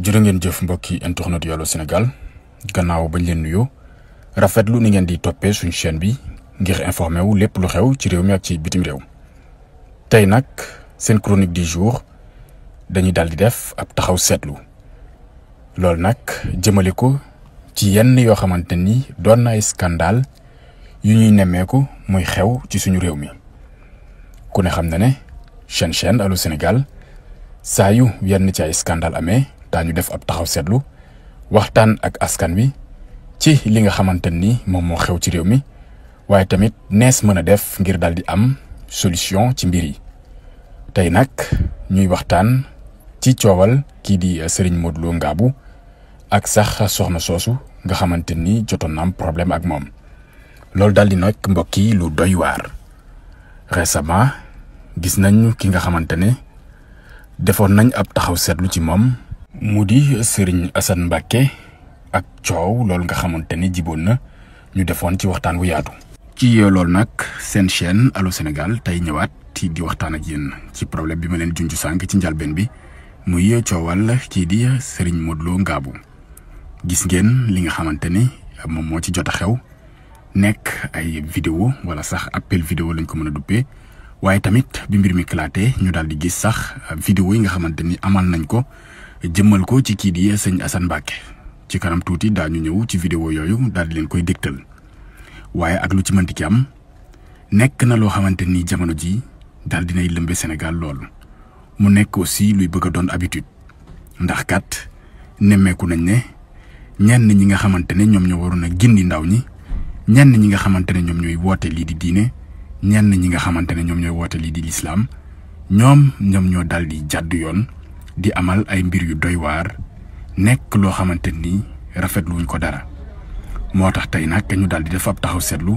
jërë ngeen jëf mbokki internet yi Allô Sénégal gannaaw bañ leen nuyoo rafetlu ni ngeen di toppee suñu chaîne bi ngir informé wu lépp lu xew ci réew mi ak ci bitim réew. tey nag seen chronique du jour dañuy daal di def ab taxaw seetlu loolu nag jëmale ko ci yenn yoo xamante ni doon na ay scandale yu ñuy nemmeeku muy xew ci suñu réew mi ku ne xam na ne chaîne chaîne Allô Sénégal saa yu yenn ci ay scandale amee. daañu def ab taxaw seetlu waxtaan ak askan wi ci li nga xamante ni moom moo xew ci réew mi waaye tamit nees mën a def ngir daal di am solution ci mbir yi tey nag ñuy waxtaan ci coowal kii di Serigne Modou Lo ak sax soxna soosu nga xamante ni jotoon na am problème ak moom loolu daal di nag mbokk yi lu doy waar récemment gis nañ ki nga xamante ne defoon nañ ab taxaw seetlu ci moom mu di Serigne Assane Mbacké ak coow loolu nga xamante ni jiboon na ñu defoon ci waxtaan wu yaatu. ci loolu nag seen chaîne Allô Sénégal tey ñëwaat ci di waxtaan ak yéen ci problème bi ma leen junj sànq ci njalbeen bi muy coowal kii di Serigne Modou Lo Ngabou gis ngeen li nga xamante ni moom moo ci jot a xew nekk ay vidéo wala sax appel vidéo lañ ko mën a duppee waaye tamit bi mbir mi klaate ñu daal di gis sax vidéo yi nga xamante ni amal nañ ko. jëmmal ko ci kii di sëñ Assane Mbacke ci kanam tuuti daañu ñëw ci vidéo yooyu daal di leen koy dégtal waaye ak lu ci mënti ki am nekk na loo xamante ni jamono ji daal nay lëmbe senegal loolu mu nekk aussi luy bëgg a doon habitude ndax kat nemmeeku nañ ne ñenn ñi nga xamante ne ñoom ñoo waroon a gindi ndaw ñi ñenn ñi nga xamante ne ñoom ñooy woote lii di diine ñenn ñi nga xamante ne ñoom ñooy woote lii di lislaam ñoom ñoom ñoo daal di jàdd yoon di amal ay mbir yu doy waar nekk loo xamante ni rafetluwuñ ko dara moo tax tey nag ñu daal di def taxaw seetlu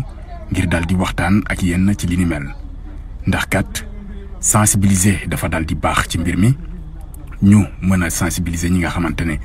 ngir daal di waxtaan ak yenn ci li ni mel ndax kat sensibiliser dafa daal di baax ci mbir mi ñu mën a sensibiliser ñi nga xamante ne